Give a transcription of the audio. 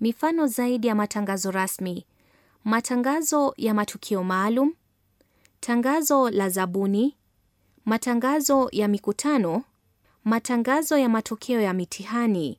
Mifano zaidi ya matangazo rasmi: matangazo ya matukio maalum, tangazo la zabuni, matangazo ya mikutano, matangazo ya matokeo ya mitihani.